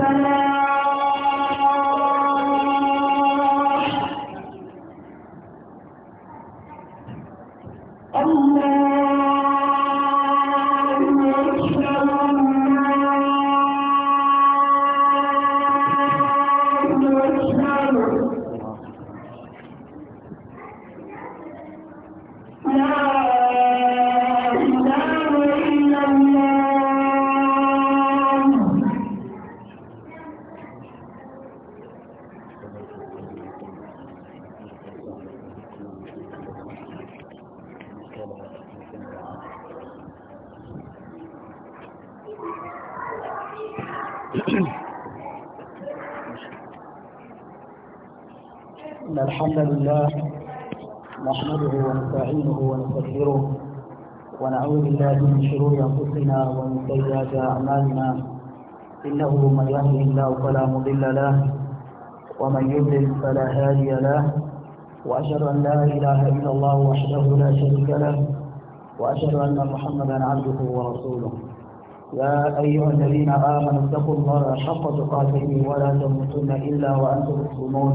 ربنا الله نحمده ونستعينه ونستغفره ونعوذ بالله من شرور انفسنا ومن سيئات اعمالنا انه من يهده الله فلا مضل له ومن يضلل فلا هادي له واشهد ان لا اله الا الله وحده لا شريك له واشهد ان محمدا عبده ورسوله يا أيها الذين آمنوا اتقوا الله حق تقاته ولا تموتن إلا وأنتم مسلمون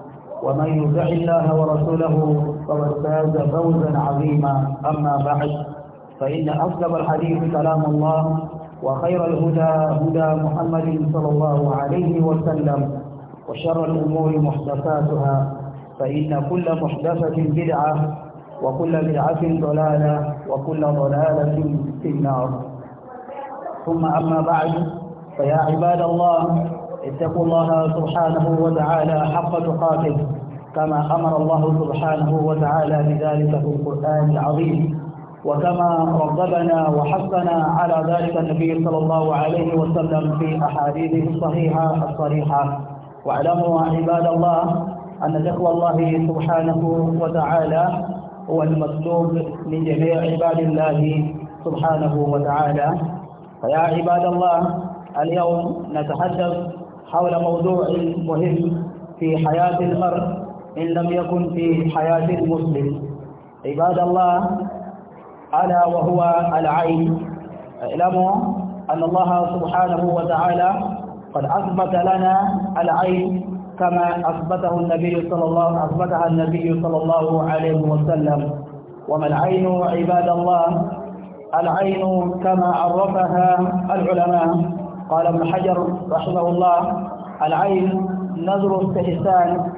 ومن يطع الله ورسوله فقد فاز فوزا عظيما أما بعد فإن أصدق الحديث كلام الله وخير الهدى هدى محمد صلى الله عليه وسلم وشر الأمور محدثاتها فإن كل محدثة بدعة وكل بدعة ضلالة وكل ضلالة في النار ثم أما بعد فيا عباد الله اتقوا الله سبحانه وتعالى حق تقاته كما أمر الله سبحانه وتعالى بذلك في القرآن العظيم وكما ربنا وحثنا على ذلك النبي صلى الله عليه وسلم في أحاديثه الصحيحة الصريحة واعلموا عباد الله أن تقوى الله سبحانه وتعالى هو المطلوب من جميع عباد الله سبحانه وتعالى فيا عباد الله اليوم نتحدث حول موضوع مهم في حياة المرء إن لم يكن في حياة المسلم عباد الله ألا وهو العين اعلموا أن الله سبحانه وتعالى قد أثبت لنا العين كما أثبته النبي صلى الله أثبتها النبي صلى الله عليه وسلم وما العين عباد الله العين كما عرفها العلماء قال ابن حجر رحمه الله العين نظر استحسان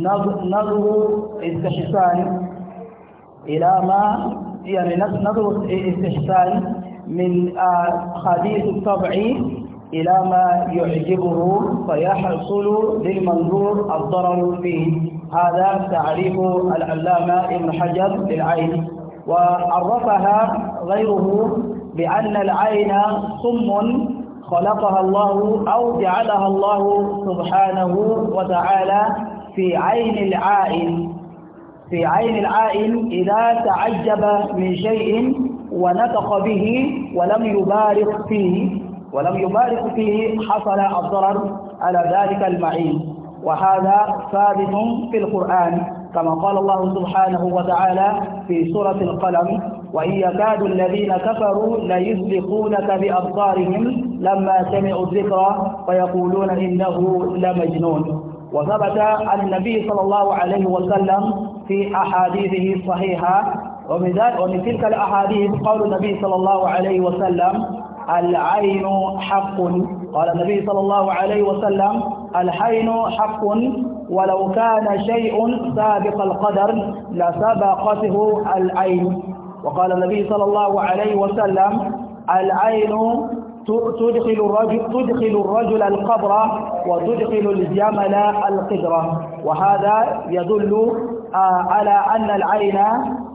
نظر استحسان إلى ما يعني نظر استحسان من آه، حديث الطبع إلى ما يعجبه فيحصل للمنظور الضرر فيه هذا تعريف العلامة ابن حجر للعين وعرفها غيره بأن العين صم خلقها الله أو جعلها الله سبحانه وتعالى في عين العائن في عين العائن إذا تعجب من شيء ونطق به ولم يبارك فيه ولم يبارك فيه حصل الضرر على ذلك المعين وهذا ثابت في القرآن كما قال الله سبحانه وتعالى في سورة القلم وإن يكاد الذين كفروا ليزلقونك بأبصارهم لما سمعوا الذكر ويقولون إنه لمجنون وثبت عن النبي صلى الله عليه وسلم في أحاديثه الصحيحة ومن ذلك ومن تلك الأحاديث قول النبي صلى الله عليه وسلم العين حق قال النبي صلى الله عليه وسلم الحين حق ولو كان شيء سابق القدر لسبقته العين وقال النبي صلى الله عليه وسلم العين تدخل الرجل تدخل الرجل القبر وتدخل الجمل القدرة وهذا يدل آه، على أن العين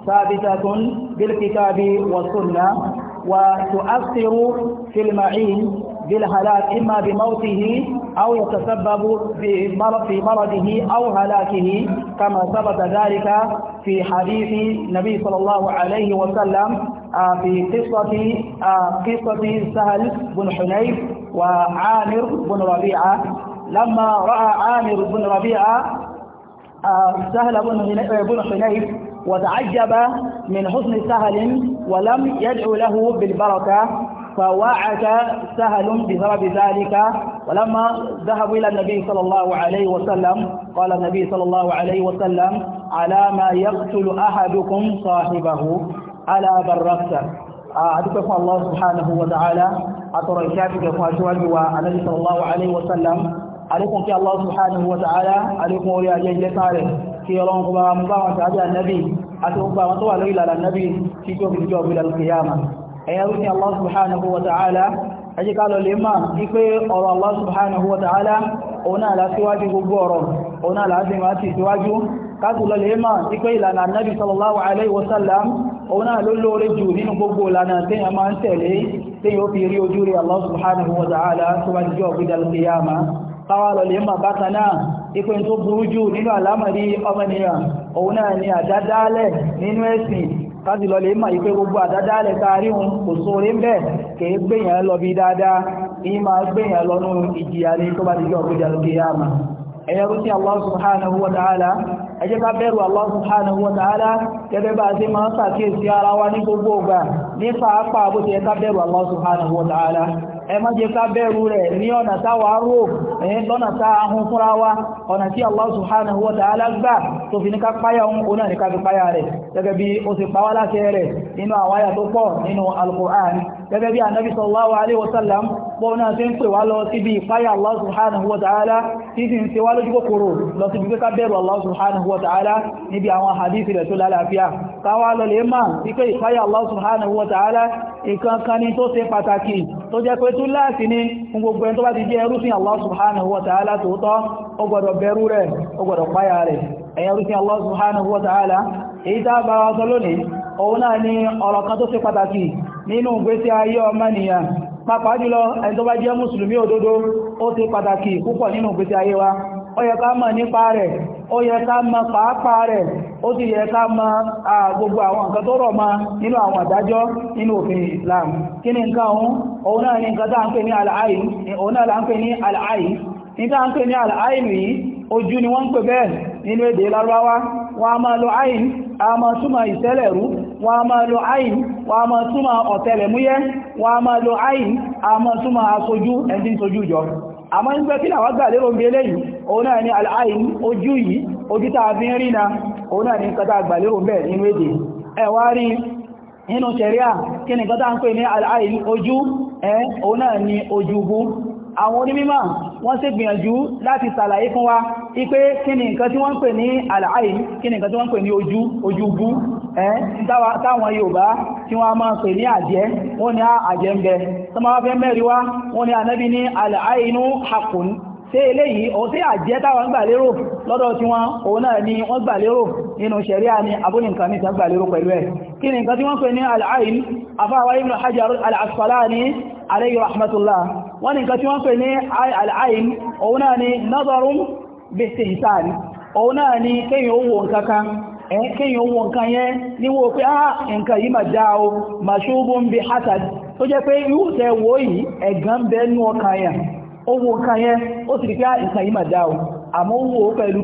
ثابتة بالكتاب والسنة وتؤثر في المعين بالهلاك إما بموته أو يتسبب في مرضه أو هلاكه كما ثبت ذلك في حديث النبي صلى الله عليه وسلم آه، في قصة آه، قصة سهل بن حنيف وعامر بن ربيعة لما رأى عامر بن ربيعة آه، سهل بن حنيف وتعجب من حسن سهل ولم يدعو له بالبركة فوعك سهل بسبب ذلك ولما ذهبوا إلى النبي صلى الله عليه وسلم قال النبي صلى الله عليه وسلم على ما يقتل أحدكم صاحبه على بركته آه، أدوكم الله سبحانه وتعالى أترى الشافك فأشواج النبي صلى الله عليه وسلم عليكم في الله سبحانه وتعالى عليكم يا أجل تاريخ في الله مبارك مبارك النبي أتوقع مطوى ليلة النبي في جوب الجوب إلى القيامة ẹ̀yàrú ní Allah subhanahu wa ta'ala ẹjíká lọ lè máa ní pé ọ̀rọ̀ Allah subhanahu wa ta'ala òun náà lásíwájú gbogbo ọ̀rọ̀ òun náà lásíwá ti síwájú káàkù lọ lè máa ní pé ìlànà annabi sallallahu alaihi wasallam òun náà ló lóore jù nínú gbogbo ìlànà téèyàn máa ń tẹ̀lé téèyàn ó fi rí ojú rí Allah subhanahu wa ta'ala tó bá jíjọ́ ọ̀gbídà al-qiyama káwà lọ lè máa bákan náà ipé tó burú jù nínú àlámọ̀rí ọmọnìyàn òun náà ni àdádálẹ̀ nínú ẹ̀sìn káàdì lọ lè mọ̀ ìpé gbogbo àdádálẹ̀ taari hun kò sóore ń bẹ̀ kèé gbèyàn lọ bí dáadáa ìyí máa gbèyàn lọ́nú ìjìyà ní tó bá ti jọ ògbéjà lókè yá mà ẹ̀yẹrú sí Allah subhanahu wa ta'ala ẹ ká bẹ̀rù Allah subhanahu wa ta'ala gẹ́gẹ́ bá ṣe máa ń ṣàkíyèsí ara wa ní gbogbo ìgbà ní pàápàá bó ti yẹ ká bẹ̀rù Allah subhanahu wa ta'ala ẹ má jẹ́ ká bẹ̀rù rẹ̀ ní ọ̀nà táwà rò ẹ̀yìn lọ́nà táa ahun fúnra wa ọ̀nà tí Allah subhanahu wa ta'ala gbà tó fi ní ká páyà ohun oná ní ká fi páyà rẹ̀ gẹ́gẹ́ bí ó ti pàwálásẹ́ rẹ̀ nínú àwáyà tó pọ̀ nínú Al-Qur'an gẹ́gẹ́ bí anábí sallallahu alaihi wasallam bọ́ náà tí ń pè wá lọ síbi ìpáyà Allah subhanahu wa ta'ala tí sì ń ṣe wá lójú kòkòrò lọ síbi pé ká bẹ̀rù Allah subhanahu wa ta'ala níbi àwọn hadith rẹ̀ tó lálàáfíà káwá lọ lè máa wípé ìpáyà Allah subhanahu wa ta'ala nǹkan kan ni tó ṣe pàtàkì tó jẹ́ pé túláàsì ní fún gbogbo ẹni tó bá ti jẹ́ ẹrúsìn Allah tòótọ́ ó gbọ́dọ̀ bẹ̀rù rẹ̀ ó gbọ́dọ̀ páyà rẹ̀ ẹ̀yẹrúsìn Allah subhanahu èyí tá bá wá sọ lónìí òun náà ni ọ̀rọ̀ kan tó ṣe pàtàkì nínú ìgbésí ayé ọmọnìyàn pàápàá jùlọ ẹni tó bá jẹ́ mùsùlùmí òdodo ó ti pàtàkì púpọ̀ nínú ìgbésí ayé wa ó yẹ ká mọ̀ nípa rẹ̀ ó yẹ ká mọ̀ pàápàá rẹ̀ ó gbogbo àwọn nǹkan tó rọ̀ mọ́ nínú àwọn àdájọ́ nínú òfin Islam kí ni nǹkan òun òun náà ní wọn a máa lo ayin a máa túmọ̀ ìtẹ́lẹ̀rú wọn a máa lo ayin wọn a máa túmọ̀ ọ̀tẹlẹ̀múyẹ́ wọn máa lo ayin a máa túmọ̀ aṣojú ẹ̀ndín sojú jọ àmọ́ ń gbẹ́ kí làwọn gbà lérò bí eléyìí òun náà ni al-ayn ojú yìí ojú tàà fi ń rí òun náà ni nǹkan tàà gbà lérò bẹ́ẹ̀ nínú èdè ẹ̀wà rí nínú ṣẹ̀ríà kí ni nǹkan tàà ń pè ní al ojú ẹ̀ òun náà ni ojúbú àwọn onímímọ̀ wọ́n ṣe gbìyànjú láti ṣàlàyé fún wa ipé kí ni nǹkan tí wọ́n ń pè ní àlàáì kí ni nǹkan tí wọ́n ń pè ní ojú ojúgbú ẹ́ táwọn Yorùbá tí wọ́n máa pè ní àjẹ́ wọ́n ní àjẹ́ ń bẹ tọ́mọ́wá fẹ́ mẹ́rin wá wọ́n ní ànábì ní àlàáìnú hakùn ṣé eléyìí òun tí àjẹ́ táwọn gbà lérò lọ́dọ̀ tí wọ́n òun náà ni wọ́n gbà nínú ṣẹ̀ríà ni abúlé ní ìtàgbà lérò pẹ̀lú ẹ̀ kí ni nǹkan tí wọ́n pè ní àlàáìl afáwà ibn Hajar al-Asqalani alayhi rahmatullah wọ́n ni nǹkan tí wọ́n pè ní al'ayin òun náà ni nazarun bistihsani òun náà ni kíyàn owó nǹkankan kíyàn owó nǹkan yẹn níwò pé á ah, nǹkan yìí ma já o mashubun bi hasad tó jẹ́ pé ìwòsẹ̀ wò yìí ẹ̀gán bẹ́ẹ̀nú ọkàn yẹn ah,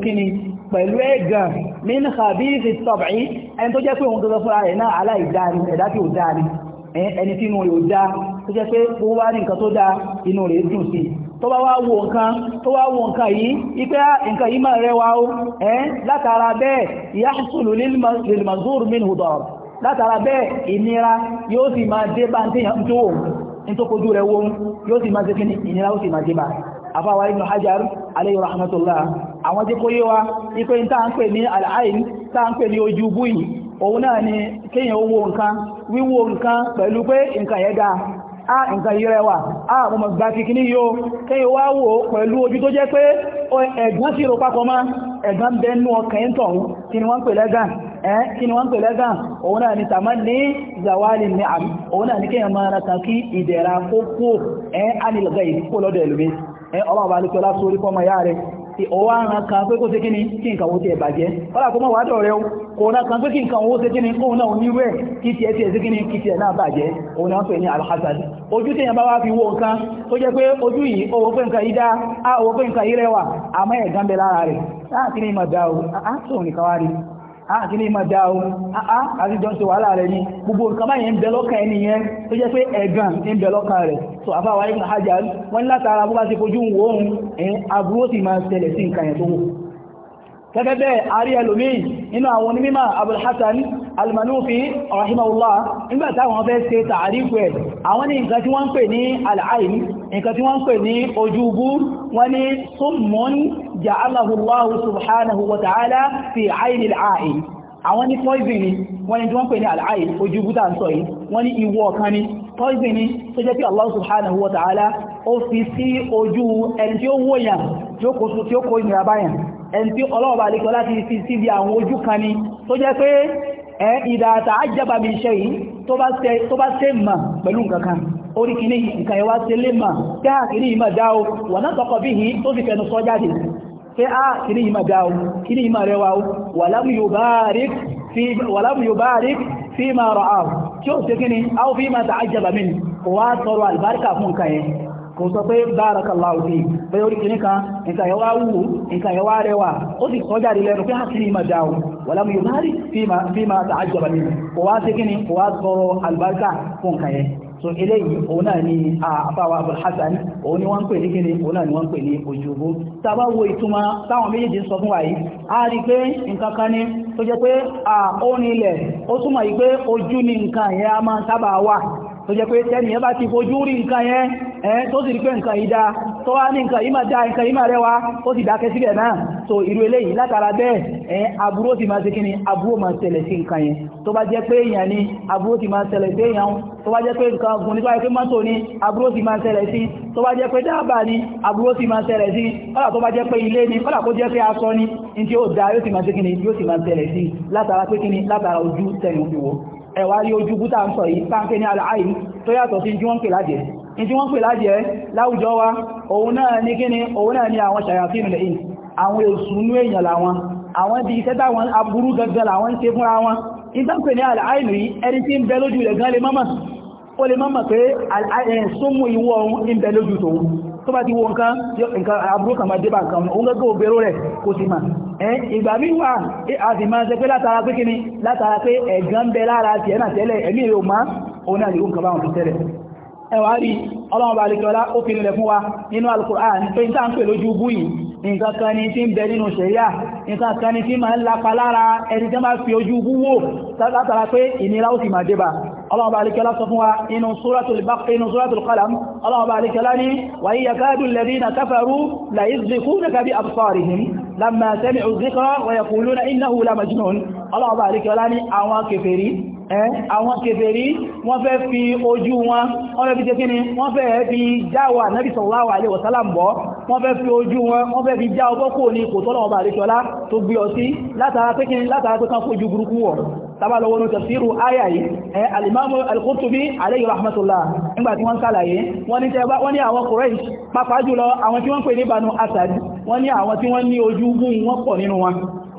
pẹ̀lú ẹ̀gàn min khabith at ẹni tó jẹ́ pé òun gẹ́gẹ́ fúnra rẹ̀ náà aláìdáni ẹ̀dá tí ò dáni Eh, ẹni tí inú rẹ̀ ò dá tó jẹ́ pé ó wá rí nǹkan tó dá inú rẹ̀ dùn sí tó bá wá wo nǹkan tó wá wo nǹkan yìí ipé ah, nǹkan yìí máa rẹwà ó ẹ́ eh, látara bẹ́ẹ̀ yahsulu lil manzur minhu látara bẹ́ẹ̀ ìnira yóò sì máa dé bá ń tẹ́yàn tó wò ní tó kojú rẹ̀ wó yóò sì máa dé kí ìnira ó sì máa dé bá àfáwà ibn hajar alayhi rahmatullah àwọn tí kó yé wa ipé ń tàà ń pè ní al'ain tàà ń pè ní ojú búyì òun náà ni kíyàn owó nǹkan wíwo nǹkan pẹ̀lú pé nǹkan yẹn a nǹkan yìí a mọ̀ mọ̀ gbà kìkì ní yóò kéyìn wá wò pẹ̀lú ojú tó jẹ́ pé ẹ̀gbọ́n sí ro papọ̀ mọ́ ẹ̀gbọ́n bẹnu ọkàn ni wọ́n ń pè lẹ́gàn ẹ́ kí ni wọ́n ń pè lẹ́gàn òun náà ni tàmá ní zawali ní àmì òun náà ni kéyìn máa ra tàn kí ìdẹ̀ra kókó ẹ́ ánìlọ́gà yìí kó lọ́dọ̀ ẹ̀lùmí ẹ́ ọlọ́ọ̀bá ọwọ́ àrùn kan pé kó ṣe kí ni kí nǹkan owó ti ẹ̀ bàjẹ́ ọ̀rà o kò náà kan pé kí nǹkan owó ṣe kí ni kóun náà onírú ẹ̀ kí tiẹ̀ kí ni kí náà bàjẹ́ òun náà ní alhazard ojú tí èèyàn bá wá fi wo nǹkan tó jẹ́ pé ojú yìí owó pé nǹkan yìí dá owó pé àkíní ah, ma dá o àá ah, àti ah, jọ ń ṣe wàhálà rẹ̀ ní gbogbo nǹkan báyìí ń bẹ lọ́kàn ẹni yẹn tó jẹ́ pé ẹ̀gàn ń bẹ lọ́kàn rẹ̀ so àfáwà Ibn Hajar wọ́n látara bó bá ti fojú ń wo òun ẹ̀yìn aburú sì máa ṣẹlẹ̀ sí nǹkan yẹn tó wò gẹ́gẹ́ bẹ́ẹ̀ àrí ẹlòmí nínú àwọn onímọ̀ Abul Hasan al-Manufi rahimahullah nígbàtí àwọn fẹ́ ṣe tààrífù ẹ̀ àwọn ní nǹkan tí wọ́n ń pè ní al-ayn nǹkan tí wọ́n ń pè ní ojúbú wọ́n ní summun ja'alahu Allahu subhanahu wa ta'ala fi ayni al-ayn àwọn ní poison ni wọ́n ni tí wọ́n pè ní al jẹ́ pé ẹni tí ọlọ́wọ́ bá lékọ́ láti fi síbi àwọn ojú kan ni tó jẹ́ pé ẹ ìdàtà ajábà mi iṣẹ́ yìí tó bá ṣe mà pẹ̀lú nǹkan kan orí kìíní nǹkan ẹwà ṣe lè mà pé à ah, kìíní yìí mà dá o wà náà tọkọ bí yìí tó fi fẹnu sọ jáde pé à ah, kìíní yìí mà dá o rẹwà o yóò bá rí fi kò sọ pé barakallahu fi pé orí kìíní kan nǹkan yẹn wá wù nǹkan yẹn wá rẹwà ó sì kọjá rí lẹ́nu pé àkìní máa dáa wàlámù yóò máa rí fi máa tààjọba nínú kò wá sí kíni kò wá sọ̀rọ̀ àlùbáríkà fún nǹkan yẹn so eléyìí òun náà ni àfáwà Abul Hasan òun ni wọ́n ń pè ní kíni òun náà ni wọ́n ń pè ní ojúbó tàbá wo ìtumọ̀ táwọn méjèèjì ń sọ fún wa yìí a rí pé nǹkan kan ní tó jẹ́ pé àórin ilẹ̀ ó túmọ̀ yìí pé ojú ni nǹkan yẹn a máa sábà wà tó jẹ́ pé tẹ́ni ẹ bá ti fojú rí nǹkan yẹn ẹ́ tó sì rí pé nǹkan yìí dáa tó wá ní nǹkan yìí máa dáa nǹkan yìí máa rẹwà ó sì dákẹ́ síbẹ̀ náà so irú eléyìí látara bẹ́ẹ̀ ẹ́ aburú ti máa ṣe kí ni aburú máa ṣẹlẹ̀ sí nǹkan yẹn tó bá jẹ́ pé èèyàn ni aburú ti máa ṣẹlẹ̀ sí èèyàn tó bá jẹ́ pé nǹkan gùn nípa ẹgbẹ́ mọ́tò ni aburú ti máa ṣẹlẹ̀ sí tó bá jẹ́ pé dáàbà ni aburú ti máa ṣẹlẹ̀ sí kọ́là tó bá jẹ́ pé ilé ni kọ́là kó jẹ́ pé aṣọ ni ní tí ó dáa yóò ti máa ṣe kí ni yóò ti máa ṣẹlẹ̀ sí látara pé kí ni látara ojú tẹ̀yìn òwò ẹ̀wà rí ojú bútà ń sọ yìí táńkẹ́ ní aláàrí tó yàtọ̀ sí jí wọ́n pè lájẹ̀ ní jí wọ́n pè lájẹ̀ láwùjọ wa òun náà ní kíni òun náà ní àwọn ṣàyàfíìn lẹ́yìn àwọn èsùnú èèyàn làwọn àwọn di iṣẹ́ táwọn aburú gangan làwọn ń ṣe fúnra wọn ìtànkẹ́ ní aláàrí ẹni tí ń bẹ lójú rẹ̀ gan lè tó bá ti wo nǹkan nǹkan àbúrò kan máa débà nǹkan òun gẹ́gẹ́ òbèrò rẹ̀ kò sì mà ẹ́ ìgbà mí wà a sì máa ṣe pé látara pé kíni látara pé ẹ̀gán ń bẹ lára ti ẹ̀nà tẹ́lẹ̀ ẹ̀mí rẹ̀ ò má òun náà lè ó nǹkan báwọn fi tẹ́lẹ̀ ẹwà rí ọlọ́run bá lẹ́kọ̀ọ́lá ó fi nílẹ̀ fún wa nínú al pé ní táà ń pè lójú bú yìí nǹkan kan ní tí ń bẹ nínú ṣẹ̀ríà nǹkan kan ní tí máa ń lapa lára ẹni tí wọ́n bá fi ojú bú wò látara pé ìnira ó sì máa débà الله بارك لا صفوا إن سورة البق إن سورة القلم الله بارك لني وهي يكاد الذين كفروا لا ليزلقونك بأبصارهم لما سمعوا الذكر ويقولون إنه لمجنون الله بارك لني أواكفري àwọn kèfèrí wọ́n fẹ́ fi ojú wọn wọ́n fẹ́ fi jẹ́ kíni wọ́n fẹ́ fi jáwà Ànábì sallallahu alaihi wasallam bọ́ wọ́n fẹ́ fi ojú wọn wọ́n fẹ́ fi já ọgbọ́ kò ní kò tọ́lọ̀ ọba àríṣọ́lá tó gbé ọ sí látara pé kíni látara pé kan fojú rahmatullah nígbàtí wọ́n sálàyé wọ́n ní tẹ́bá wọ́n ní àwọn Quraysh pàápàá jùlọ àwọn Banu Asad wọ́n ní àwọn tí wọ́n ní ojú gún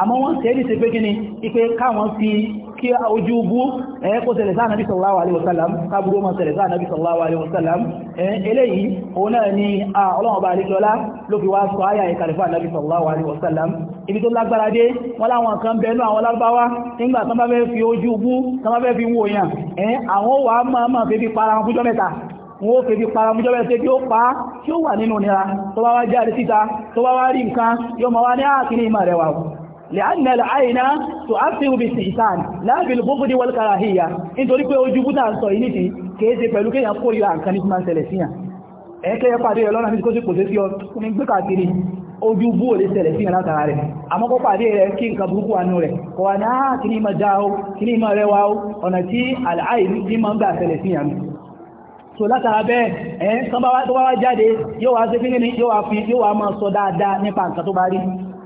àmọ́ wọ́n tẹ́lì sí pé gíní ipé káwọn fi kí ojú bú ẹ́ tẹ̀lẹ̀ sáà nàbí sallallahu alaihi wasallam kábúrú ma tẹ̀lẹ̀ sáà nàbí sallallahu alaihi wasallam eléyìí òun náà ni ọlọ́run ọba àríkọlá ló fi wá sọ ayà alaihi wasallam ibi tó lágbára dé wọ́n láwọn kan bẹnu àwọn lárúbáwá nígbà tán bá fẹ́ fi ojú bú tán bá fẹ́ fi wò yàn ẹ́ àwọn wà máa máa fi fi para wọn fújọ́ mẹ́ta wọ́n fèbí para mú jọ́bẹ̀ tẹ́ bí ó pa tí ó wà nínú nira tó bá wá jáde síta tó bá wá rí nǹkan yóò ma wá ní àkíní ìmà rẹwà لأن العين تؤثر بالاستحسان لا بالبغض والكراهية nítorí pé ojú búta ń sọ yìí nìtì kìí ṣe pẹ̀lú kéèyàn kó ìlà nǹkan ní ti máa ń ṣẹlẹ̀ síyàn ẹ̀ẹ́kẹ́ pàdé rẹ̀ lọ́nà fíjikó sí kò sí ọ ní gbé kàkiri ojú bú ò lè ṣẹlẹ̀ síyàn látara rẹ̀ àmọ́kọ́ pàdé rẹ̀ kí nǹkan burúkú anú rẹ̀ kọwa so látara bẹ́ẹ̀ ẹ̀ẹ́ tó bá wá jáde yóò wá sí kí ní yóò wá fi yóò wá máa sọ dáadáa nípa nǹkan tó bá rí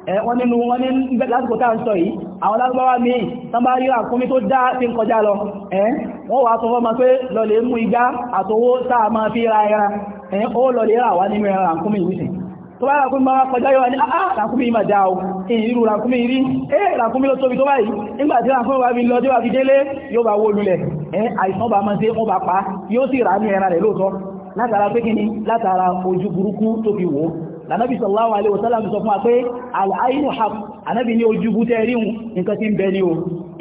Eh, wọ́n nínú wọ́n ní lásìkò tàà ń sọ yìí àwọn lárúbáwá míì tán bá rí àkúnmí tó dá tí ń kọjá lọ eh, wọ́n wà sọ fọ́mọ pé lọlẹ̀ mú igá àtowó tàà máa fi ra ẹran eh, ó lọlẹ̀ rà wá nínú ẹran àkúnmí tó bá ah, ah, ràkúnmí máa kọjá yóò o ìrírù ràkúnmí rí ẹ ràkúnmí ló tóbi tó báyìí nígbàtí ràkúnmí wà fi lọ tí wà fi délé yóò bá wó lulẹ̀ ẹ àìsàn bá mọ́ sí ó bá pa yóò sì rà ní ẹran rẹ̀ lóòtọ́ látara pé kíni látara ojú burúkú tó fi wò lànàbí sallallahu alaihi wasallam sọ fún wa pé al-aynu haqq anábì ní ojú bútẹ́ ríhun nǹkan tí ń bẹ ní o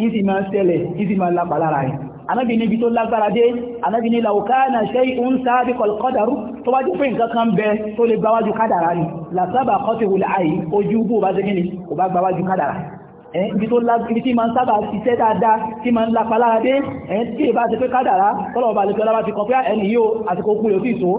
ìsì máa ṣẹlẹ̀ ìsì máa lápàá lára rẹ̀ anábì ní ibi tó lágbára dé anábì ní law kana shay'un sabiqal qadar tó bá jẹ́ pé nǹkan kan bẹ tó lè ibi tó lágbìrì tí ma ń sábà iṣẹ́ dáadáa tí ma ń lapa lára dé ẹ̀yìn tí ìbá ti pé kádàrá tọ́lọ̀ ọba àlejò ọlọ́wà ti kọ̀ pé ẹni yóò àsìkò kú yóò sì tó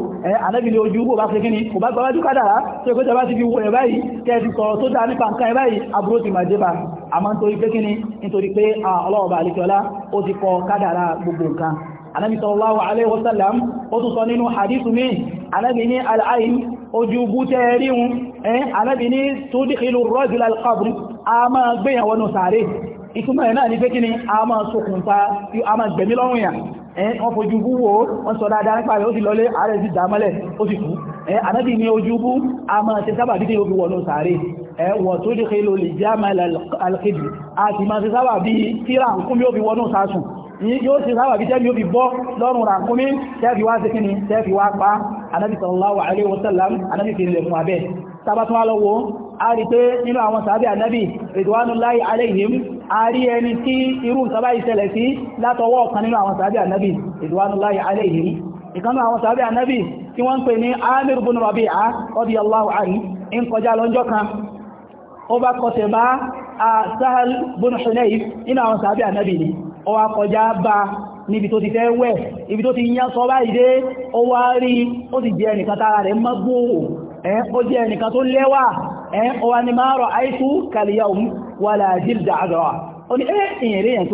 ànábìlẹ̀ ojú kò bá fi kíni kò bá gbáwájú kádàrá tó ìpé tẹ́bá ti fi wọ ẹ̀bá yìí tẹ́ ti sọ̀rọ̀ tó dáa nípa nǹkan ẹ̀bá yìí aburú ti màjẹ́bà àmọ́ nítorí pé kíni nítorí pé ọlọ́ọ̀bà àlejò ọlá ó ti kọ kádàrá gbogbo nǹkan anábì sallallahu alaihi wasallam ó tún al-ayn ojú bú tẹ́ rí un ẹ́n anábi ní tó díkìlú rọ́jùlá alkabri a máa gbéyàn wọnú sàárè ìtumọ̀ ẹ̀ náà ní pé kí ni a máa sokùnfà a máa gbẹ̀mí lọ́rùn yà ẹ́n wọ́n fojú bú wo wọ́n sọ dáadáa nípa rẹ̀ ó sì lọlé ààrẹ yóò ti sáwà bí tẹ́lú bí bọ́ lọ́rùn ràkúnmí tẹ́fì wá sí kíni tẹ́fì wá pa anábi sallallahu alaihi wasallam anábi fi lè fún abẹ́ sábátún alọ́wọ́ a rí pé nínú àwọn sàábí anábi ridwanullahi alaihim a rí ẹni tí irú sábá ìṣẹ̀lẹ̀ sí látọwọ́ ọ̀kan nínú àwọn sàábí anábi ridwanullahi alaihim ìkanú àwọn sàábí anábi tí wọ́n ń pè ní amir bin rabi'a radiyallahu anhu in kọjá lọ́jọ́ kan ó bá kọsẹ̀ bá a sahal bin hunayf nínú àwọn sàábí anábi ni ó wá kọjá bá níbi tó ti fẹ́ wẹ̀ ibi tó ti yán sọ báyìí dé ó wá rí ó ti jẹ́ ẹnìkan tára rẹ̀ mọ́gbò ó jẹ́ ẹnìkan tó lẹ́wà ó wá ní máa rọ̀ àìkú kàlìyàwó wà láàájílda àgbà ó ní èèyàn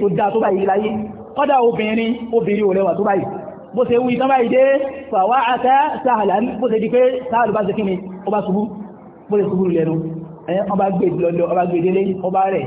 tó dá tó báyìí láyé kọ́dá obìnrin obìnrin ò lẹ́wà tó báyìí bó ṣe wù ọba ṣubú bó ọba rẹ̀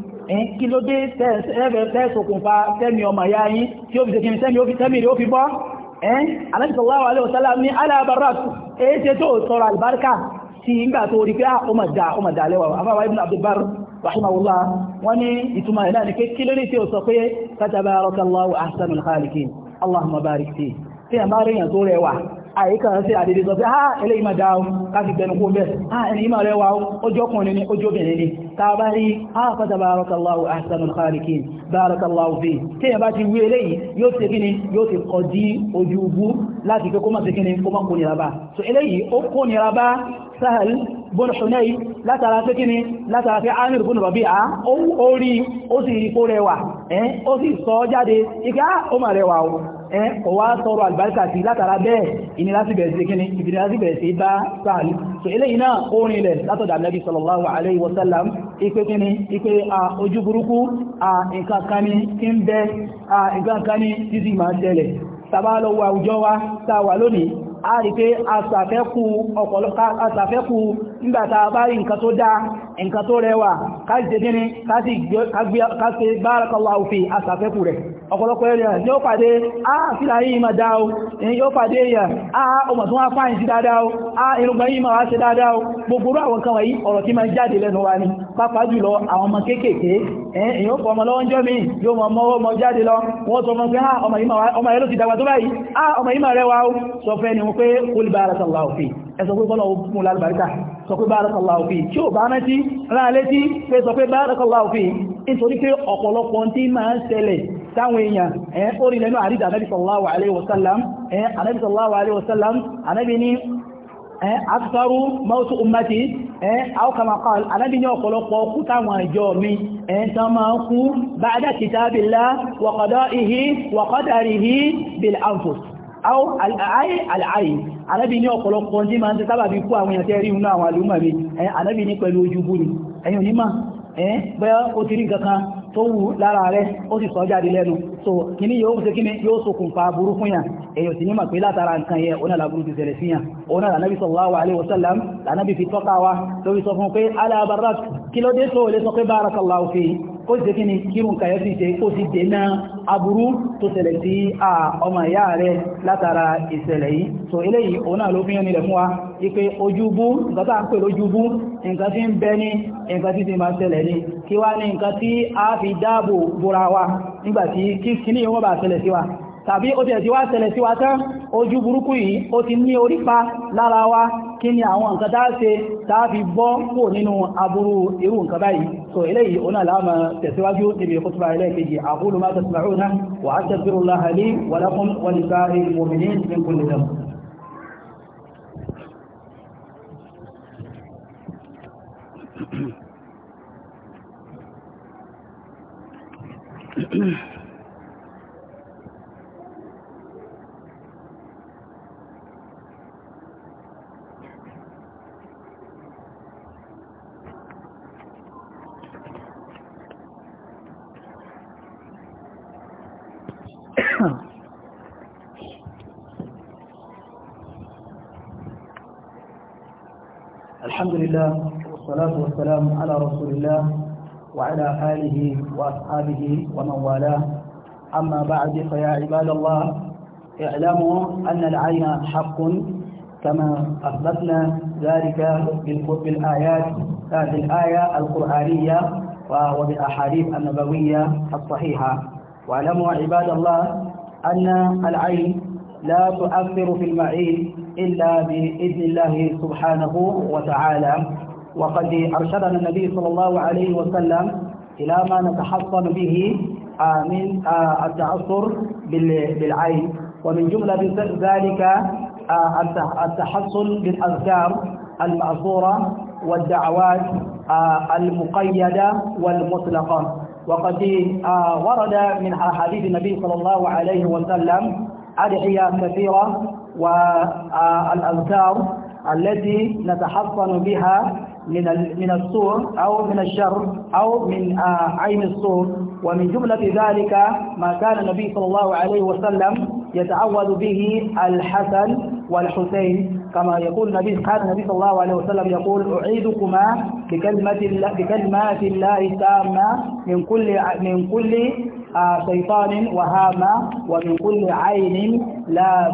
ẹ̀yìn kí ló dé tẹ́ẹ̀sọkùnfà tẹ́mi ọmọ ya yìí tí ó fi tẹ́mi tẹ́mi rí ó fi bọ́ ẹ̀yìn alẹ́sọ̀láwà alẹ́sọ̀láwà ní alábàárà èé ṣe tó sọ̀rọ̀ àlùbáríkà sí ìgbà tó rí pé ah, ó mà dá ó mà dá lẹ́wà afáwà ibn abdulbar rahimahullah wọ́n ní ìtumọ̀ ẹ̀dá ni pé kí lórí tí ó sọ pé tatabarakallahu ahsanul khaliqin allahumma barik fi tó rẹwà àyíkà sí àdìdì sọ pé ah ilé ìmọ̀ dáa káàkì tẹnu kó bẹ́ ah ẹni ìmọ̀ rẹwà ojókùnrin ni ojóbìnrin ni tàbá rí ah fata barakallahu ahsanul khaliqin barakallahu fi tí ẹ bá ti wí eléyìí yóò ti kíni yóò ti kọ dí ojú ubú láti pé kó má ti kíni kó má kó nira bá so eléyìí ó kó nira bá sahal bọ́nà ṣùnẹ́yì látara pé kíni látara pé amir bọ́nà rọ̀bí à ó rí ó sì rí kó rẹwà ẹ́ ó sì sọ jáde ìgbà ó mà rẹwà ẹ kọ̀ wá sọ̀rọ̀ àlùbáríkà sí látara bẹ́ẹ̀ ìnira sì bẹ̀rẹ̀ sí kíni ìnira sì bẹ̀rẹ̀ sí bá sáàlì so eléyìí náà ó rin ilẹ̀ látọ̀dà nàbí sallallahu alaihi wasallam ipe kíni ipe ojú burúkú nǹkan kan kí ń bẹ nǹkan kan títí máa tẹ̀lẹ̀ tàbá lọ wà àwùjọ wa tá a wà lónìí a rí pé asàfẹ́kù ọ̀pọ̀lọpọ̀ asàfẹ́kù nígbàtà bá nǹkan tó dáa nǹkan tó rẹwà ká ìsẹ́gẹ́ni ká sì gbé bárakọ̀wà òfin asàfẹ́kù rẹ̀ ọ̀pọ̀lọpọ̀ ẹ̀rẹ̀ yóò pàdé àà sílá yìí ma dáa o yóò pàdé èyà àà ọmọ tó wá fáyìn sí dáadáa o àà irùngbọ̀n yìí ma wá sí dáadáa o gbogbo àwọn kan wọ̀nyí ọ̀rọ̀ tí ma jáde lẹ́nu wa ni pàápàá jùlọ àwọn ọmọ kéékèèké èyàn fọ ọmọ lọ́wọ́ ń jọ́ mi yóò mọ ọmọ ọmọ jáde lọ wọ́n sọ mọ́ pé á ọmọ ẹ̀lọ́ ti dàgbà tó báyìí á ọmọ yìí ma rẹwà ó sọ fẹ́ ni wọ́n pé olùbáraṣàlá òfin ẹ̀sọ̀ pé bọ́lọ̀ fún lálùbáríkà sọ pé bárakallahu fi tí ó bá rántí rán létí pé sọ pé bárakallahu fi nítorí pé ọ̀pọ̀lọpọ̀ tí máa ń ṣẹlẹ̀ táwọn èèyàn ẹ̀ orí lẹ́nu àrídà anábì sallallahu alaihi wasallam ẹ̀ anábì sallallahu alaihi wasallam anábì ní ẹ̀ aktaru mautu ummati ẹ̀ aw kama qala anábì ní ọ̀pọ̀lọpọ̀ kú táwọn ìjọ mi ẹ̀ tán máa kú ba'da kitabillah wa qada'ihi wa qadarihi bil anfus aw al'ayi al'ayi anábì ní ọ̀pọ̀lọpọ̀ tí máa ń tẹ́ sábàbí kú àwọn èèyàn tẹ́ rí inú àwọn àlúmọ̀ mi ẹ̀ anábì tó wù lára rẹ̀ ó sì sọ jáde lẹ́nu so kíní yóò ṣe ni yóò ṣokùnfà burú fún yàn èyàn sì ní mà pé látara nǹkan yẹn òun àlà burú ti ṣẹlẹ̀ sí yàn òun àlà nábi sallallahu alaihi wasallam lànàbí fi tọ́ka wa lórí sọ fún pé alábàárà kí ló dé tó lè sọ pé barakallahu fi kó ṣe kí ni kírùn kàyẹ́ fi ṣe kó sì dènà aburú tó ṣẹlẹ̀ sí ọmọ ìyá rẹ̀ látara ìṣẹ̀lẹ̀ yìí so eléyìí òun náà ló fi yán nílẹ̀ fún wa ipe ojúbú nǹkan tá ń pè lójúbú nǹkan tí ń bẹ ní nǹkan tí ti máa ṣẹlẹ̀ ní kí wá ní nǹkan tí a fi dáàbò bóra wa nígbàtí kí ní wọ́n bá ṣẹlẹ̀ sí wa tàbí ó ti ẹ̀síwá ṣẹlẹ̀ sí wa tán ojú burúkú yìí ó ti ní orípa lára wa kí ni àwọn nǹkan tá ṣe tàbí bọ́ kò nínú aburú irú nǹkan báyìí so eléyìí ó náà láàmà tẹ̀síwájú níbi ìkútùbà ẹlẹ́ẹ̀kejì aqulu ma tasma'una wa astaghfirullaha li wa lakum wa lisa'il الله والصلاة والسلام على رسول الله وعلى آله وأصحابه ومن والاه أما بعد فيا عباد الله اعلموا أن العين حق كما أثبتنا ذلك بالآيات بالآية القرآنية وبالأحاديث النبوية الصحيحة واعلموا عباد الله أن العين لا تؤثر في المعين إلا بإذن الله سبحانه وتعالى وقد أرشدنا النبي صلى الله عليه وسلم إلى ما نتحصن به آه، من آه، التعثر بالعين ومن جملة ذلك آه، التحصن بالأذكار المأثورة والدعوات المقيدة والمطلقة وقد ورد من حديث النبي صلى الله عليه وسلم أدعية كثيرة والأذكار التي نتحصن بها من من السوء أو من الشر أو من آه، عين السوء ومن جملة ذلك ما كان النبي صلى الله عليه وسلم يتعوذ به الحسن والحسين كما يقول النبي كان النبي صلى الله عليه وسلم يقول أعيدكما بكلمة بكلمات الله التامة من كل من كل آه، شيطان وهام ومن كل عين لام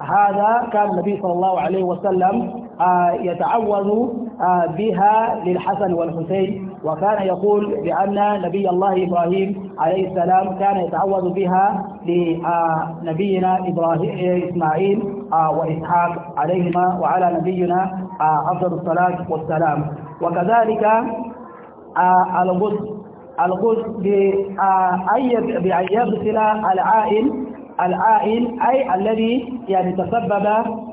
هذا كان النبي صلى الله عليه وسلم آه، يتعوذ آه، بها للحسن والحسين وكان يقول بأن نبي الله إبراهيم عليه السلام كان يتعوذ بها لنبينا إبراهيم إسماعيل وإسحاق عليهما وعلى نبينا أفضل الصلاة والسلام وكذلك الغسل الغسل بأن آه، يغسل العائن العائن أي الذي يعني تسبب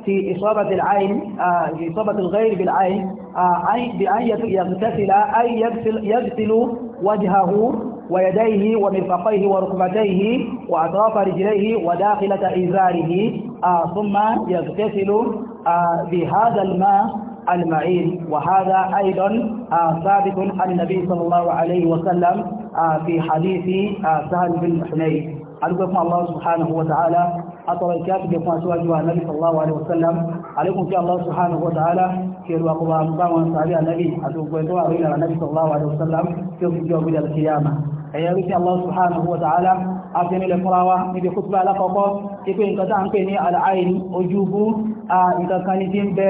في إصابة العين آه، في إصابة الغير بالعين آه، أي بأن يغتسل أي يغسل, يغسل وجهه ويديه ومرفقيه وركبتيه وأطراف رجليه وداخلة إزاره ثم يغتسل بهذا الماء المعين وهذا أيضا آه، ثابت عن النبي صلى الله عليه وسلم آه، في حديث آه، سهل بن حنين عليكم الله سبحانه وتعالى أطول الكاتب يكون سوى النبي صلى الله عليه وسلم عليكم في الله سبحانه وتعالى في الوقوع مقام النبي النبي صلى الله عليه وسلم في يوم القيامة أيها الله سبحانه وتعالى àfihànilẹ̀ fúnra wa níbi kútùbà alákọ̀ọ́kọ́ ipé nǹkan tá ń pè ní àlàáìní ojúbú nǹkankan ní tí ń bẹ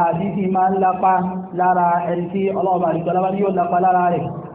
àbí ti máa ń lapa lára ẹni tí ọlọ́ọ̀bà ìjọlọ́bà yóò lapa lára rẹ̀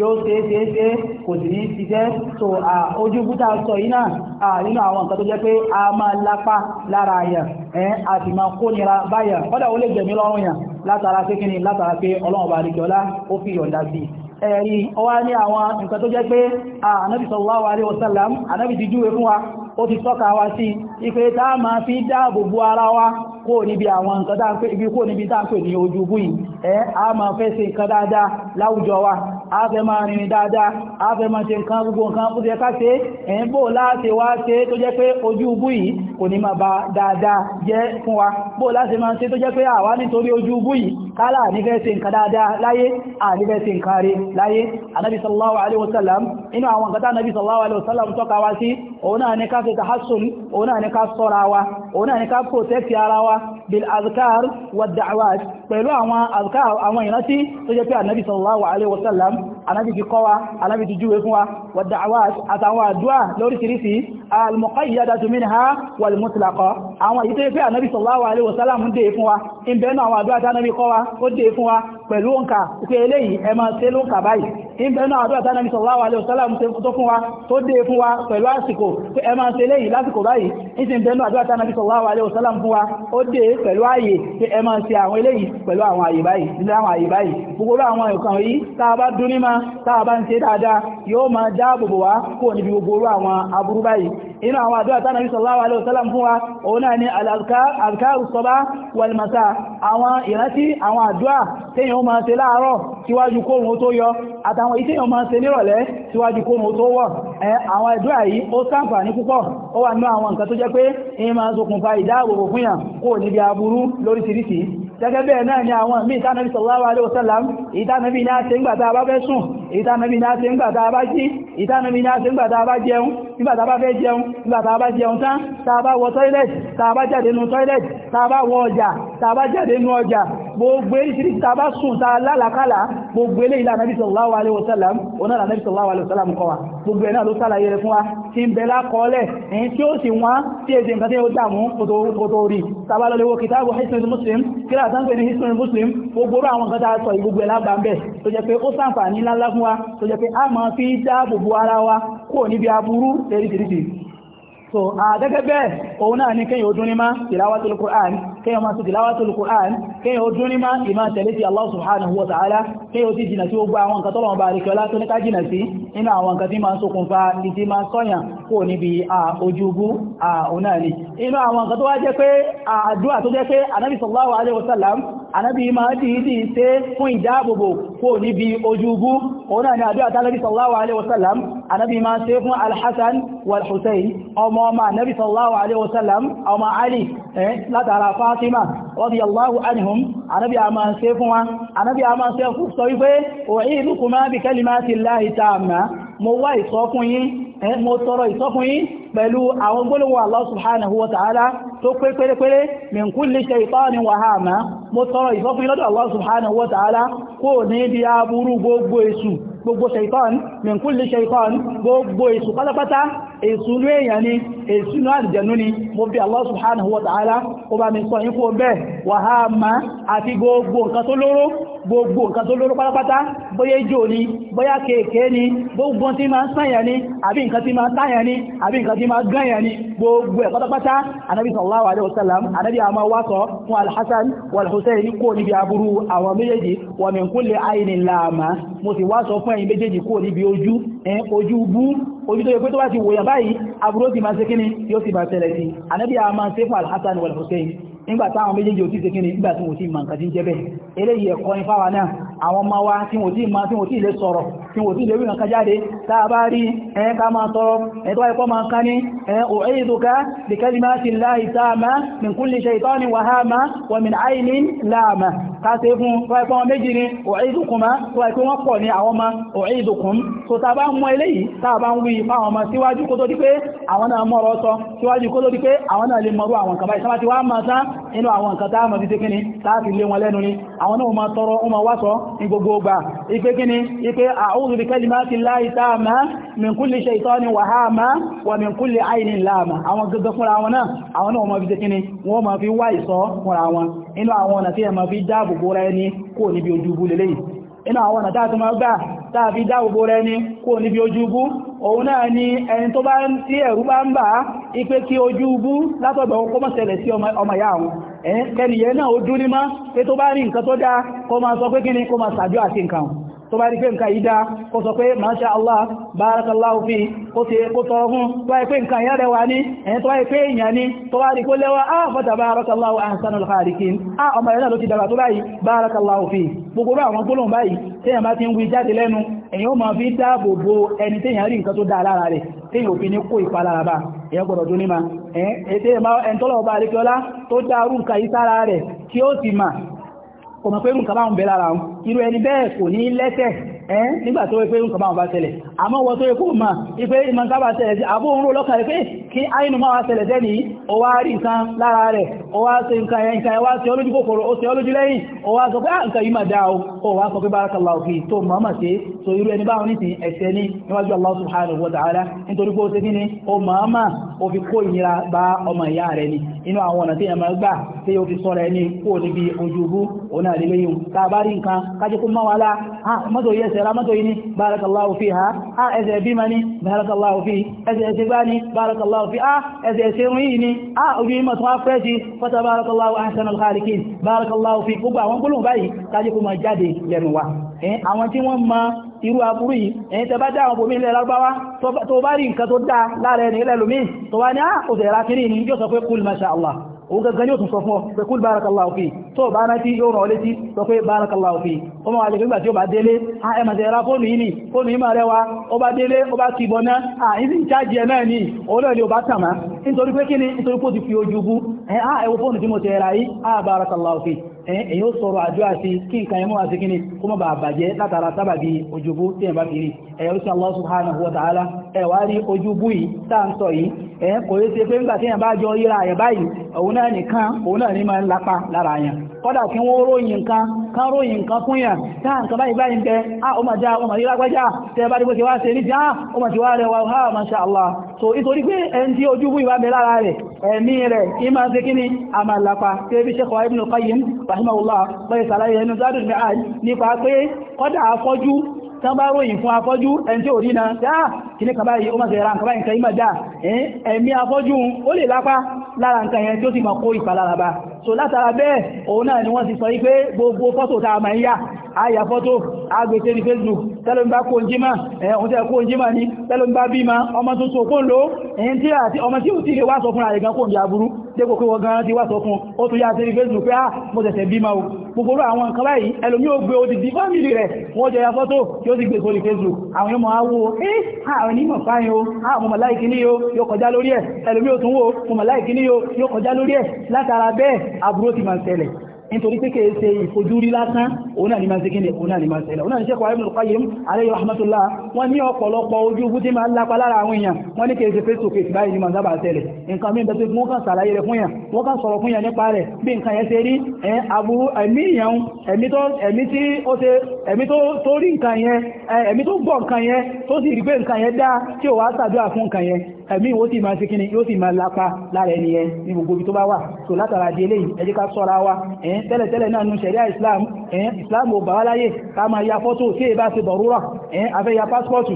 yóò ṣe é ṣe é ṣe kò sì ní ṣiṣẹ́ so ojú búta sọ yìí náà nínú àwọn nǹkan tó jẹ́ pé a máa lápá lára àyà ẹ̀ a sì máa kó nira báyà kọ́dà ó lè jẹ̀mí lọ́rùn yàn látara pé kíni látara pé ọlọ́run bá rí jọlá ó fi yọ̀ǹda sí ẹ̀rí ọwá ní àwọn nǹkan tó jẹ́ pé ànábì sallallahu alaihi wasallam ànábì ti júwe fún wa ó ti tọ́ka wa sí ipe tá a máa fi dáàbò bo ara wa kó níbi àwọn nǹkan tá ń pè ibi kó níbi tá ń pè ní ojú bú yìí ẹ́ a máa fẹ́ ṣe nǹkan dáadáa láwùjọ wa a fẹ́ máa rìn dáadáa a fẹ́ máa ṣe nǹkan gbogbo nǹkan bó ṣe ká ṣe ẹ̀ ń bò láti wá ṣe tó jẹ́ pé ojú bú yìí kò ní máa ba dáadáa jẹ́ fún wa bó láti máa ṣe tó jẹ́ pé àwa nítorí ojú yìí kálà nífẹ́ ṣe nǹkan dáadáa láyé ànífẹ́ ṣe nǹkan rí láyé anábi sallallahu alaihi wasallam inú àwọn nǹkan tá òun náà ni ká fi tahassun òun náà ni ká ṣọ́ra wa òun náà ni ká protect ara wa bil azkar wa da'awat pẹ̀lú àwọn azkar àwọn ìrántí tó jẹ́ pé ànábì sallallahu alaihi wasallam ànábì fi kọ́ wa ànábì ti júwe fún wa wa da'awat àtàwọn àdúà lóríṣiríṣi al-muqayyadatu minha wal pẹ̀lú òǹkà pé eléyìí ẹ máa ṣe lóǹkà báyìí ìbẹ̀nà àdúrà tánà mi sallallahu alaihi wasallam tó fún wa tó dé fún wa pẹ̀lú àsìkò pé ẹ máa ṣe eléyìí lásìkò báyìí ìsì ìbẹ̀nà àdúrà tánà mi sallallahu alaihi wasallam fún wa ó dé pẹ̀lú ààyè pé ẹ máa ṣe àwọn eléyìí pẹ̀lú àwọn ààyè báyìí nílẹ̀ àwọn ààyè báyìí gbogbo àwọn nǹkan yìí tá a bá dún ní ma tá a bá ń ṣe dáadáa yóò máa dáàbòbò wá kúrò níbi gbogbo àwọn aburú báyìí inú àwọn àdúrà tánàbí sallallahu alaihi wasallam fún wa òun náà ni al-azkaru sabah wal masa àwọn ìrántí àwọn àdúrà tẹ́yìn ó máa ṣe láàárọ̀ síwájú kóòrùn ó tó yọ àtàwọn ìtẹ́yìn ó máa ṣe nírọ̀lẹ́ síwájú kóòrùn ó tó wọ̀ gẹ́gẹ́ bẹ́ẹ̀ náà ni àwọn míì tánàbí sallallahu alaihi wasallam ní a ṣe ń gbà bá fẹ́ sùn ìtánàbí ní a ṣe ń gbà bá jí ìtánàbí ní a ṣe ń gbà bá jẹun nígbàtà bá jẹun tán tàbá wọ tọ́ílẹ̀tì tàbá jáde nú tọ́ílẹ̀tì tàbá wọ ọjà tàbá jáde nú ọjà gbogbo eríṣìíríṣìí tàbá sùn tàà lálàkálà gbogbo eléyìí la Nabi sallallahu alaihi wasallam ọ̀nà la Nabi sallallahu alaihi wasallam kọ́ wa gbogbo ẹ̀ náà ló sàlàyé rẹ̀ fún wa tí ń bẹ lákọọ́lẹ̀ èyí tí ó sì wọ́n tí èdè nǹkan tí ó dàmú kòtò orí tàbá lọ léwó kìtàbù hisnul muslim kíra sáńpẹ̀ ní hisnul muslim gbogbo àwọn nǹkan tàà sọ ìgbogbo ẹ̀ lábàá ń bẹ̀ tó jẹ́ pé ó sàǹfà ní ńláńlá fún wa tó jẹ́ pé a máa fi dáàbò bo ara wa kò níbi aburú eríṣìíríṣìí so a ah, gẹ́gẹ́ bẹ́ẹ̀ òun náà ní kíyàn ojú nímá tìláwàtúlù Qur'an kíyàn máa sí tìláwàtúlù Qur'an kíyàn ojú nímá ìmá tẹ̀lé ti Allah subhanahu wa ta'ala kíyàn ti jìnà tí ó gbá àwọn nǹkan tọ́lọ̀ bá rí kọlá tó ní ká jìnà sí inú àwọn nǹkan tí máa ń ṣokùnfà ìdí máa sọ́yàn kò níbi ojúgbú òun náà ni inú àwọn nǹkan tó wá jẹ́ pé àdúrà tó jẹ́ pé anábì sallallahu anábi ma dìídì ṣe fún ìdáàbòbò kò níbi ojúgbú òun náà ni àbí àtàlẹ́bí sallallahu alaihi wasallam anábi ma ṣe fún alhassan walhussein ọmọ ọmọ anábi sallallahu alaihi wasallam ọmọ ali eh, látara fatima radiyallahu anhum anábi a ma ṣe fún wa anábi a ma ṣe fún sọ wípé mo wá ìsọ́fún yín mo tọrọ ìsọ́fún yín pẹ̀lú àwọn gbólóhùn Allah subhanahu wa ta'ala tó pé pérépéré min kulli shaytanin wa hama mo tọrọ ìsọ́fún yín lọ́dọ̀ Allah subhanahu wa ta'ala kò ní bí aburú gbogbo èṣù gbogbo shaytan min èsùnú èèyàn ni èsùnú àdìjẹ̀nú ni mo bí Allah subhanahu wa ta'ala ó bá mi sọ yínkú bẹ́ẹ̀ wàhámà àti gbogbo nǹkan tó lóró gbogbo nǹkan tó lóró pátápátá bóyá ejò ni bóyá kèèkèé ni gbogbo tí máa ń sànyàn ni àbí nǹkan tí máa ń tàyàn ni àbí nǹkan tí máa ń gànyàn ni gbogbo ẹ̀ pátápátá anábì sallallahu alaihi wasallam anábì àmà wá sọ fún alhassan walhussein kó níbi aburú àwọn méjèèjì wa min kulli aynin laama mo sì wá sọ fún ẹ̀yin méjèèjì kó níbi ojú ojú bú ojú tó yẹ pé tó bá ti wòyàn báyìí aburú ti máa ṣe kíni yóò ti máa tẹ̀lẹ̀ sí anábì a máa ṣe fún alhassan wal nígbà táwọn méjèèjì ò tí ṣe kíni nígbà tí wọ́n ti mọ̀ nǹkan tí ń jẹ́ bẹ́ẹ̀ eléyìí ẹ̀kọ́ ní fáwa náà àwọn ọmọ wa tí wọ́n ti mọ̀ tí wọ́n ti lè sọ̀rọ̀ tí wọ́n ti lè rí nǹkan jáde tá a bá rí ẹ̀yẹn ká máa sọ̀rọ̀ ẹ̀tọ́ ẹ̀kọ́ máa ká ní u'idhuka bi kalimatillahi taama min kulli shaytanin wa inú àwọn nǹkan táàmà fi síkíní láti lé wọn lẹ́nu ni àwọn náà ma tọrọ ọmọ wáṣọ́ ní gbogbo ọgbà ipé kíní ipé a'udhu bi kalimati llahi taama min ma fi síkíní wọ́n ma fi wá ìṣọ́ fúnra wọn inú àwọn ọ̀nà tí ẹ ma fi dáàbò bóra ẹni kò inú àwọn ọ̀nà táàtí máa gbà tàbí dáàbò rẹ ní kò níbi ojúbú òun náà ni ẹni tó bá ń tí ẹ̀rú bá ń bà á ipé kí ojúbú látọ̀dọ̀ kó má ṣẹlẹ̀ sí ọmọ ìyá àwọn ẹni kẹniyẹ náà ó dúrí pé tó bá rí nǹkan tó dáa kó máa sọ pé kí ni kó máa sàájú àti nǹkan tó bá rí pé nǹkan yìí dá kó sọ pé masha Allah barakallahu fi kó ti kó tọrọ fún tó wáyé pé nǹkan yẹ́ rẹwà ní ẹ̀yìn tó wáyé pé èèyàn ní tó wá rí kó lẹ́wà á ah, fọ́ta barakallahu ahsanul khaliqin á ah, ọmọ ẹ̀yìn náà ló ti dàgbà tó báyìí barakallahu fi gbogbo àwọn gbólóhùn báyìí tẹ́yàn bá ti ń wí jáde lẹ́nu èyàn ó máa fi dáàbò bo ẹni tẹ́yàn rí nǹkan tó dáa lára rẹ̀ tẹ́yàn òfin ní kó ìpalára bá èyàn gbọ́dọ̀ tó ní ma ẹ̀ẹ́ tẹ́yàn bá ẹ̀ntọ́lọ̀ ọba àríkọ́lá tó dáa rú nǹkan yìí sára rẹ̀ kí ó sì mà kò mọ̀ pé irú nǹkan báwọn bẹ lára wọn irú ẹni bẹ́ẹ̀ kò ní lẹ́sẹ̀ ẹ́ nígbà tó wípé nǹkan máa bá tẹ́lẹ̀ àmọ́ wọ́n tó wípé ma ipé ìmọ̀ sábà tẹ́lẹ̀ sí àbó òun lọ́kà wípé kí àìnù máa wá tẹ́lẹ̀ tẹ́ni ó wá rí nǹkan lára rẹ̀ ó wá ṣe nǹkan ẹ̀ nǹkan ẹwà sí olójú kòkòrò ó sì olójú lẹ́yìn ó wá sọ pé ah, nǹkan yìí mà o ó wá sọ pé ni ó mọ̀ọ́mọ̀ ó fi kó ni inú àwọn ọ̀nà tí ẹ̀ máa gbà tí ó fi sọ̀rọ̀ ẹni kúrò níbi ojú bú òun náà ẹsẹ̀ ramọ́tò yìí ni bárakàláwò fi ha a ẹsẹ̀ bímọ ni bárakàláwò fi ẹsẹ̀ ẹsẹ̀ gbá ni bárakàláwò fi a ẹsẹ̀ ẹsẹ̀ rún yìí ni a ojú yìí mọ̀tún afẹ́sì fọ́tà bárakàláwò ahsanul khaliqin bárakàláwò fi gbogbo àwọn gbólóhùn báyìí kájí kó máa jáde lẹ́nu wa àwọn tí wọ́n máa irú aburú yìí ẹ̀yìn tẹ bá dá àwọn obìnrin ilẹ̀ lágbáwá tó bá rí nǹkan tó dá láàrẹ ní ilẹ̀ lómi tó wá ní á òṣèrè akírí ni yóò sọ pé kúlù masha Allah òun gangan yóò tún sọ fún ọ pé kúl bárakallahu fi tó bá rántí yóò rán ọ létí sọ pé bárakallahu fi ọmọ wa lè gbígbà tí ó bá délé ẹmọ̀tẹ̀ ẹ̀rá fóònù yìí ni fóònù yìí máa rẹwa ó bá délé ó bá kìbọ náà àìsí ìjájì ẹ̀ náà ni òun ni ó bá tàmá nítorí pé kí ni nítorí pé ti fi ojú bú ẹ̀ á ẹwọ fóònù tí mo tẹ̀ yìí á bárakallahu fi Eh, èyí ó sọ̀rọ̀ àjọ àti kí nǹkan ẹmọ́ àti kíni kó mọ́ bàá bàjẹ́ látara sábàbí ojúbú tí ẹ̀ bá fi rí ẹ̀yọ́ sí Allah subhanahu wa ta'ala ẹ̀wà rí ojúbú yìí táà ń sọ yìí ẹ̀ kò rí sí pé nígbà tí ẹ̀ bá jọ ríra ẹ̀ báyìí òun náà nìkan òun náà ní káròyìn nǹkan fún yà táà nǹkan báyìí báyìí bẹ ó ma já ó ma rí lágbájá tẹ́ bá dígbó ti wá ṣe ní ti ó ma ha masha Allah so ìtorí pé ẹni tí ojú bú ìbámẹ́ lára rẹ̀ ẹ̀mí rẹ̀ ìmá ṣe kíní àmàlàpá tẹ́ bí Sheikh Ibn Qayyim rahimahullah bẹ́ẹ̀ sàlàyé ẹnu Zadul Ma'ad nípa pé kọ́dà afọ́jú tán bá ròyìn fún afọ́jú ẹni tí ò rí náà dáa kí ní kàbáyé ó máa tẹ̀ra nǹkan báyìí nǹkan ìmọ̀ dáa ẹ̀mí afọ́jú ó lè lápá so látara bẹ́ẹ̀ òun náà ni wọ́n ti sọ yí pé gbogbo fọ́tò tá a máa ń yá àyà fọ́tò agbèsè ní facebook tẹ́lọ́mbá kó ń jímá ẹ̀hùn tẹ́ kó ń jímá ní tẹ́lọ́mbá bí ma ọmọ tó so kó ń lò ẹ̀yìn tí àti ọmọ tí ó ti lè wá sọ fún àrẹ̀gán kó ń burú dépò pé wọ́n gan ti wá sọ fún ó tún yá sí ní facebook pé á ah, mo tẹ̀sẹ̀ bí ma o gbogbo àwọn nǹkan báyìí ẹlòmí ò gbé odidi fámìlì rẹ̀ wọ́n jẹ ya fọ́tò tí ó ti gbé sórí facebook àwọn yóò máa wo ẹ́ àwọn onímọ̀ fáyín o àwọn ọmọ láìkí ní yóò kọjá lórí ẹ̀ ẹlòmí ò tún wo ọmọ láìkí yóò kọjá lórí ẹ̀ látara bẹ́ẹ̀ aburú ti máa ń ṣẹlẹ̀ nítorí pé kèé ṣe ìfojúrí lásán òun náà ni máa ń ṣe kíni òun náà ni máa ń ṣẹlẹ̀ òun náà ni ṣẹ́kọ̀ọ́ Ibn Qayyim alayhi rahmatullah wọ́n ní ọ̀pọ̀lọpọ̀ ojú ogun tí máa ń lápa lára àwọn èèyàn wọ́n ní kèé ṣe face to face báyìí ni máa ń sábà ṣẹlẹ̀ nǹkan mí bẹ́ẹ̀ wọ́n kàn ṣàlàyé rẹ̀ fún yàn wọ́n kàn sọ̀rọ̀ fún yàn nípa rẹ̀ bí nǹkan yẹn ṣe rí aburú ẹ̀mí yẹn ẹ̀mí tó ẹ̀mí tí ó ṣe ẹ̀mí tó rí nǹkan yẹn ẹ̀mí tó gbọ́ nǹkan yẹn tó sì rí pé nǹkan yẹn dá tí ò wá ṣàdúrà fún nǹkan yẹn ẹ̀mí wo sì máa ṣe kíni yóò sì máa lápa lára ẹni yẹn ní gbogbo ibi tó bá wà tó látara di eléyìí ẹ ká ṣọ́ra wa ẹ̀ẹ́n tẹ́lẹ̀tẹ́lẹ̀ náà nu ṣẹ̀ríà islam ẹ̀ẹ́n islam ò bá wá láyè ká máa ya fọ́tò tí èyí bá ṣe dọ̀rúrà ẹ̀ẹ́n afẹ́ ya pásítọ̀tù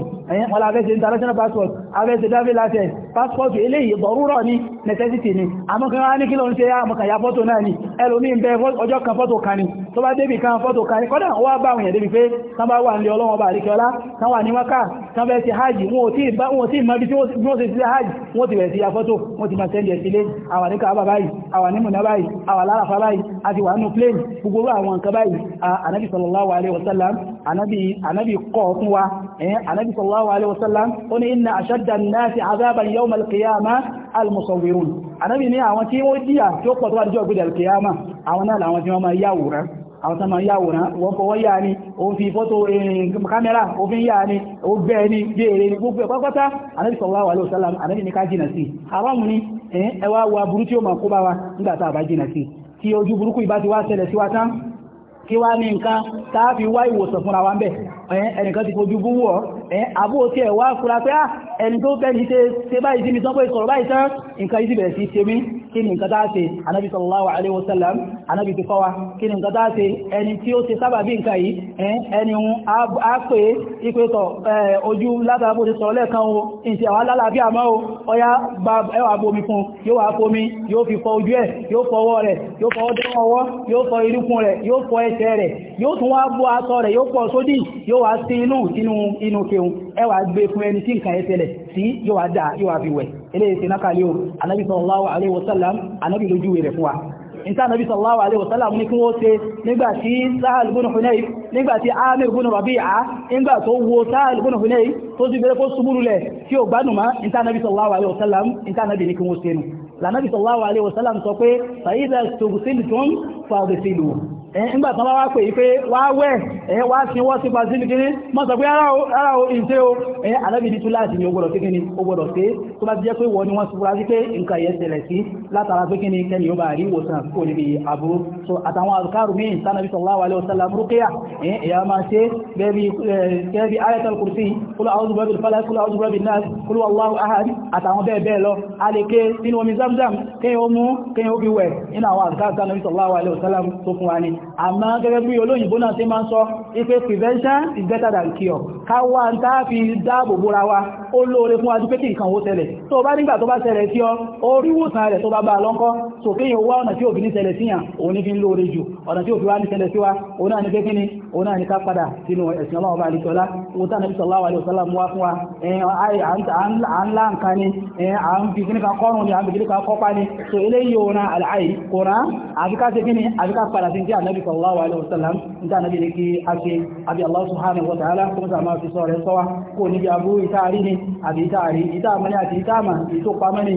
wọn la fẹ́ international passport afẹ́ ṣe dáfẹ́ láti ẹ̀ pásítọ̀tù eléyìí dọ̀rúrà ni necessity ni àmọ́ kan wá ní kí ló ń ṣe yá àmọ́ ya fọ́tò náà ni ẹlòmí ń bẹ ọjọ́ kan fọ́tò kan ni tó bá débì kan fọ́tò kan ni kọ́dà wọ́n bá àwọn èèyàn débi pé tán bá wà ní ọlọ́wọ́n bá àríkẹ́ ọlá tán wà ní wákà tán bẹ́ẹ̀ ti hajj wọn ò tí ì hajj wọ́n ti bẹ̀rẹ̀ sí ya fọ́tò wọ́n ti máa sẹ́ndì ẹ̀ sílé àwa ní Kaaba báyìí àwa ní Mùnà báyìí àwa lárafá báyìí àti wà nù plane gbogbo àwọn nǹkan báyìí anabi sallallahu alaihi wasallam anabi anabi kọ́ fún wa eh anabi sallallahu alaihi wasallam ó ní inna ashadda an azaban yawm al-qiyamah anabi ní àwọn tí wọ́n díyà tí ó pọ̀ tó wà níjọ́ ìgbéjà al-qiyamah àwọn náà làwọn tí wọ́n máa yáwòrán àwọn tán ma yàwòrán wọ́n fọwọ́ yà ní o fi fọ́tò eh, kámẹ́rà òfin yà ní o gbẹ́ ní béèrè ní gbogbo ẹ̀pápátá Ànábì alaihi wasallam Ànábì ní ká jìnà sí àwọn ní ẹwà wa wa nígbà tá a bá jìnà sí wa tán kí wá ní nǹkan tàbí wá ìwòsàn fúnra wa ń bẹ̀ eh, ẹnìkan ti fojú bú wọ́ eh, àbúrò tí ẹ̀ wá fúra pé ah, ẹni tó fẹ́ ní ṣe báyìí sí Kini ni nǹkan dáa ṣe sallallahu alaihi wasallam Anabi ti kọ́ wa kí ni se, eni ti ẹni tí ó ṣe sábà bí nǹkan yìí ẹni hun á pè é ipé tọ̀ ojú látàbò ti sọ̀rọ̀ lẹ́ẹ̀kan o ìsì àwọn alálàáfíà mọ́ o ọya gba ẹwà bomi yo yóò wá fomi yóò fi fọ ojú ẹ̀ yóò fọ ọwọ́ rẹ̀ yóò fọ ọdún ọwọ́ yóò fọ irúkún rẹ̀ yóò fọ yo rẹ̀ yóò tún wá bọ́ aṣọ rẹ̀ yóò fọ sódì yóò wá sí inú inú kéhun ẹwà gbé fún ẹni tí nǹkan ẹsẹ̀ rẹ̀ sí yóò wá dáa yóò wá fi wẹ̀ eléyìí sí nákàlí o anábì sallallahu alaihi wasallam anábì lójú rẹ̀ fún wa ìta anábì sallallahu alaihi wasallam ní kí wọ́n ṣe nígbàtí Sahal ibn Hunayf nígbàtí Amir ibn Rabi'a nígbà tó wo Sahal ibn Hunayf tó ti bẹ̀rẹ̀ kó ṣubúrú lẹ̀ tí ó gbádùn má ìta anábì sallallahu alaihi wasallam ìta anábì ní kí wọ́n ṣe nù lànàbì sallallahu alaihi wasallam sọ pé fàyídà tòbùsílì tó ń fàbẹ̀sílù nígbà tán bá wá pè yí pé wá wẹ̀ ẹ̀ wá sí wọ́n sí pàṣílì kiri mọ́ sọ pé ara o ìṣe o ẹ̀ alábìdí tún láti ní ogbọ̀dọ̀ kékeré ogbọ̀dọ̀ pé tó bá ti jẹ́ pé wọ́n ni wọ́n fura sí pé nǹkan yẹn ṣẹlẹ̀ sí látara pé kẹ́ni yóò bá rí ìwòsàn kó níbi àbúrú so àtàwọn àrùkárù míì sanabi sallallahu alaihi wasallam rúkẹ́yà ẹ̀ ẹ̀yà máa ṣe gẹ́gẹ́ bí ayatul kursi kúlọ̀ àwọn olùgbàbí falak kúlọ̀ àwọn olùgbàbí nas kúlọ̀ allahu ahad àtàwọn bẹ́ẹ̀ bẹ́ẹ̀ lọ a lè ké sínú omi zamzam kéyàn ó mú kéyàn ó wẹ̀ nínú àwọn àrùkárù sanabi sallallahu alaihi wasallam tó fún wa ni àmá gẹ́gẹ́ bí olóyìnbó náà ṣe máa ń sọ ipé prevention is better than cure ká wá ń tá fi dáàbò bóra wa ó lóore fún ajú pé kí nǹkan ó ṣẹlẹ̀ tó bá nígbà tó bá ṣẹlẹ̀ sí ọ ó rí wòsàn rẹ̀ tó bá bá lọ́nkọ́ sókè yóò wá ọ̀nà tí òbí ní ṣẹlẹ̀ síyàn òun ní fi ń lóore jù ọ̀nà tí òbí wá ní ṣẹlẹ̀ sí wa òun náà ní pé kíni òun náà ní ká padà sínú ẹ̀sìn ọlọ́run bá àlejò ọlá òun tá nàbí sallallahu alaihi wasallam wá fún wa à ń lá nǹkan ni à ń fi kíní kan kọ́rùn ni à ń fi kíní kan kọ́pá ni so eléyìí òun náà àlàyé kò rán àfikà ṣe kíni àfikà padà sí ti à النبي صلى الله عليه وسلم انت النبي لك اكي ابي الله سبحانه وتعالى كما ما في سوره سوا كون يجي ابو يتاري ابي يتاري اذا من ياتي تاما يتو قام ابي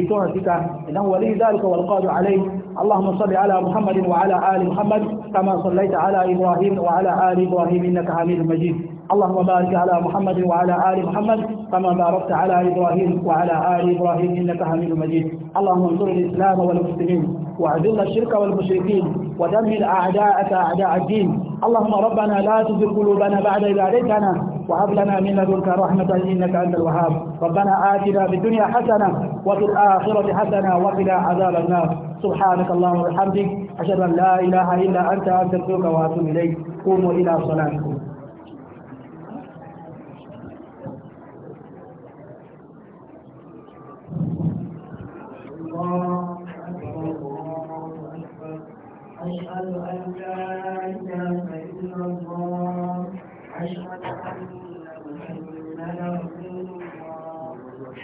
يتو حقيقه آه، انه ولي ذلك والقادر عليه اللهم صل على محمد وعلى ال محمد كما صليت على ابراهيم وعلى ال ابراهيم انك حميد مجيد اللهم بارك على محمد وعلى ال محمد كما باركت على ابراهيم وعلى ال ابراهيم انك حميد مجيد اللهم انصر الاسلام والمسلمين وأذل الشرك والمشركين ودمر أعداءك أعداء الدين اللهم ربنا لا تزغ قلوبنا بعد إذ هديتنا وهب لنا من لدنك رحمة إنك أنت الوهاب ربنا آتنا في الدنيا حسنة وفي الآخرة حسنة وقنا عذاب النار سبحانك اللهم وبحمدك أشهد أن لا إله إلا أنت أستغفرك وأتوب إليك قوموا إلى صلاتكم